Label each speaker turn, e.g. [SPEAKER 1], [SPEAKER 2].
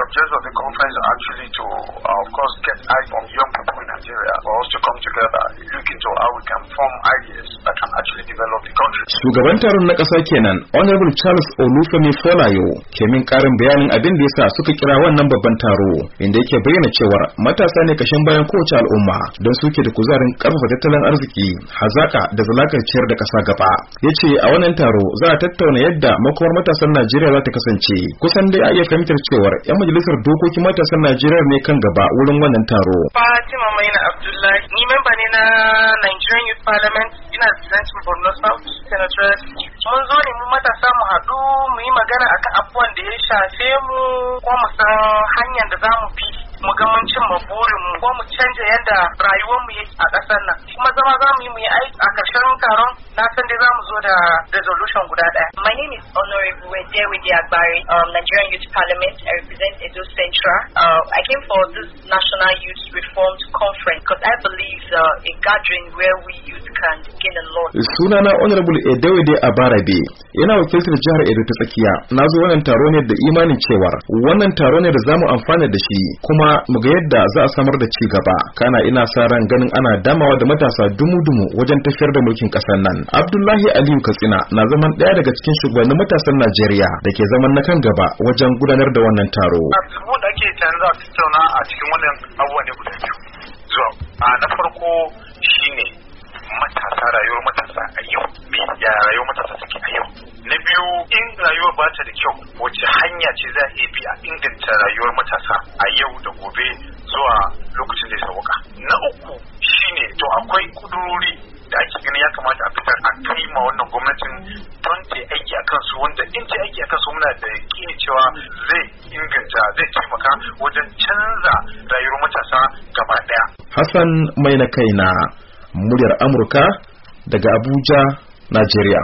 [SPEAKER 1] the objective of the conference actually to, uh, of course, get eyes on young people in Shugaban taron na ƙasa kenan, Honorable Charles Olufemi Folayo, ke min ƙarin bayanin abin da yasa suka kira wannan babban taro, inda yake bayyana cewar matasa ne kashin bayan kowace al'umma don suke da kuzarin ƙarfafa tattalin arziki, hazaƙa, da zalakar ciyar da ƙasa gaba. Ya ce a wannan taro za a tattauna yadda makomar matasan Najeriya za ta kasance. Kusan dai a iya fahimtar cewar 'yan majalisar dokokin matasan Najeriya ne kan gaba wurin wannan taro. Fatima Maina
[SPEAKER 2] Abdullahi, ni memba ne na Nigerian Youth Parliament gwamnatin borno south senator mun zo ne mu matasa mu haɗu mu yi magana akan abubuwan da ya shafe mu ko mu san hanyar da za mu bi mu ga mun burin mu ko mu canja yadda rayuwar mu a ƙasar nan kuma zama za mu yi mu yi aiki a ƙarshen taron na san dai za mu zo da resolution guda ɗaya. My name is Honorable Agbari, um, Nigerian Youth Parliament. I represent Edo Central. Uh, I came for this National Youth Reforms Conference because I believe uh, a gathering where we youth can gain a lot.
[SPEAKER 1] Honorable Edewede Barabe. yana wakiltar jihar Edo ta tsakiya. Na zo wannan taro ne da imanin cewar wannan taro ne da zamu amfana da shi kuma mu ga yadda za a samar da ci gaba. Kana ina sa ran ganin ana damawa da matasa dumu-dumu wajen tafiyar da mulkin kasar nan. Abdullahi Aliyu Katsina na zaman ɗaya daga cikin shugabannin matasan Najeriya da ke zaman na kan gaba wajen gudanar da wannan taro. Abubuwan
[SPEAKER 3] da ake tare za su tattauna a cikin wannan abubuwan ne guda biyu in rayuwar ba ta da kyau wace hanya ce za a iya bi a inganta rayuwar matasa a yau da gobe zuwa lokacin da ya sauka na uku shine to akwai kudurori da ake ganin ya kamata a fitar a kai ma wannan gwamnatin don ta aiki a kansu wanda in ta aiki a kansu muna da yakini cewa zai inganta zai taimaka wajen canza
[SPEAKER 1] rayuwar matasa gaba daya hassan mai na kai na muryar amurka daga abuja najeriya